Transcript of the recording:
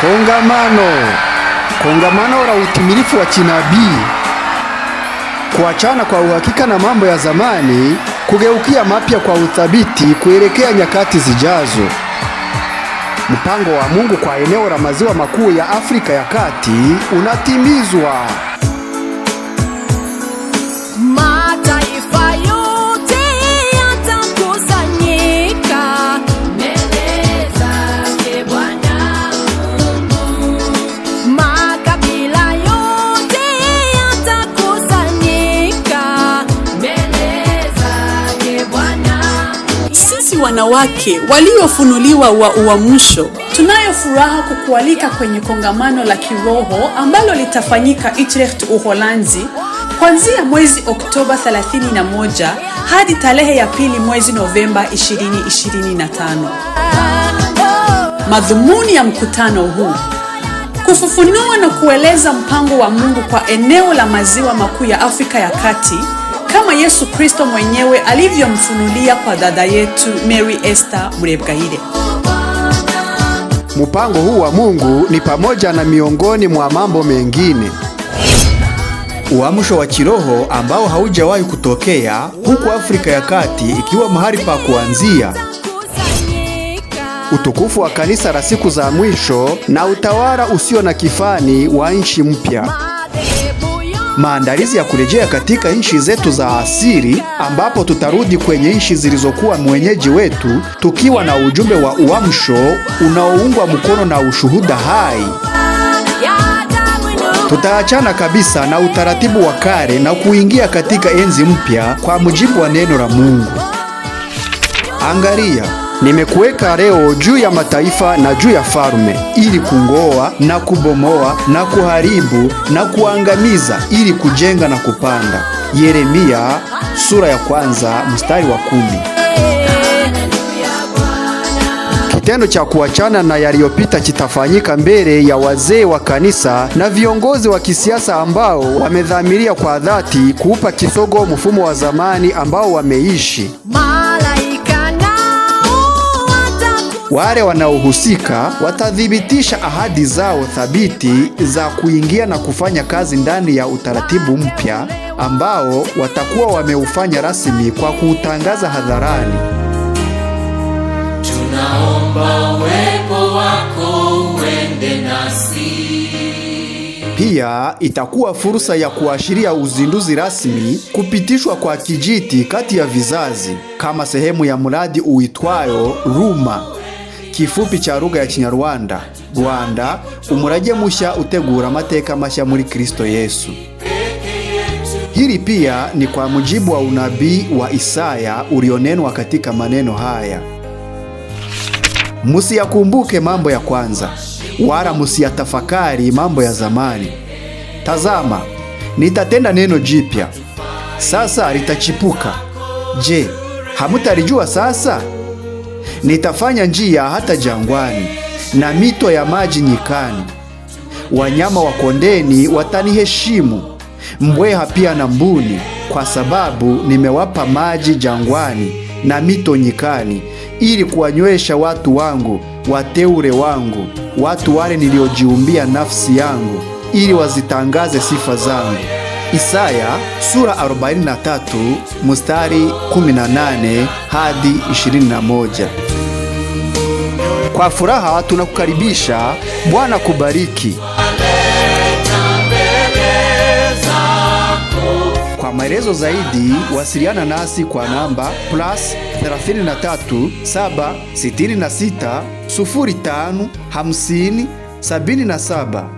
Kongamano. Kongamano la utimilifu wa kinabii, kuachana kwa uhakika na mambo ya zamani, kugeukia mapya kwa uthabiti, kuelekea nyakati zijazo. Mpango wa Mungu kwa eneo la maziwa makuu ya Afrika ya Kati unatimizwa. wanawake waliofunuliwa wa uamsho. Tunayo furaha kukualika kwenye kongamano la kiroho ambalo litafanyika Utrecht, Uholanzi kuanzia mwezi Oktoba 31 hadi tarehe ya pili mwezi Novemba 2025. Madhumuni ya mkutano huu kufufunua na kueleza mpango wa Mungu kwa eneo la maziwa makuu ya Afrika ya Kati kama Yesu Kristo mwenyewe alivyomfunulia kwa dada yetu Mary Esther Murebwayire. Mpango huu wa Mungu ni pamoja na miongoni mwa mambo mengine uamsho wa kiroho ambao haujawahi kutokea huku Afrika ya Kati ikiwa mahali pa kuanzia, utukufu wa kanisa la siku za mwisho na utawala usio na kifani wa nchi mpya maandalizi ya kurejea katika nchi zetu za asili, ambapo tutarudi kwenye nchi zilizokuwa mwenyeji wetu tukiwa na ujumbe wa uamsho unaoungwa mkono na ushuhuda hai. Tutaachana kabisa na utaratibu wa kale na kuingia katika enzi mpya kwa mujibu wa neno la Mungu. Angalia, Nimekuweka leo juu ya mataifa na juu ya falme, ili kungoa na kubomoa na kuharibu na kuangamiza, ili kujenga na kupanda. Yeremia sura ya kwanza mstari wa kumi. Kitendo cha kuachana na yaliyopita kitafanyika mbele ya wazee wa kanisa na viongozi wa kisiasa ambao wamedhamiria kwa dhati kuupa kisogo mfumo wa zamani ambao wameishi. Wale wanaohusika watathibitisha ahadi zao thabiti za kuingia na kufanya kazi ndani ya utaratibu mpya ambao watakuwa wameufanya rasmi kwa kuutangaza hadharani. Tunaomba uwepo wako uende nasi. Pia itakuwa fursa ya kuashiria uzinduzi rasmi, kupitishwa kwa kijiti kati ya vizazi kama sehemu ya mradi uitwayo Ruma kifupi cha lugha ya Kinyarwanda Rwanda umurage mushya utegura amateka mashya muri Kristo Yesu. Hili pia ni kwa mujibu wa unabii wa Isaya ulionenwa katika maneno haya: musiyakumbuke mambo ya kwanza, wala musiyatafakari mambo ya zamani. Tazama, nitatenda neno jipya, sasa litachipuka. Je, hamutalijua sasa? Nitafanya njia hata jangwani na mito ya maji nyikani. Wanyama wa kondeni wataniheshimu, mbweha pia na mbuni, kwa sababu nimewapa maji jangwani na mito nyikani, ili kuwanywesha watu wangu, wateule wangu, watu wale niliojiumbia nafsi yangu, ili wazitangaze sifa zangu. Isaya sura 43 mstari 18 hadi 21. Kwa furaha tunakukaribisha. Bwana kubariki. Kwa maelezo zaidi wasiliana nasi kwa namba plus 33 766 05 50 77.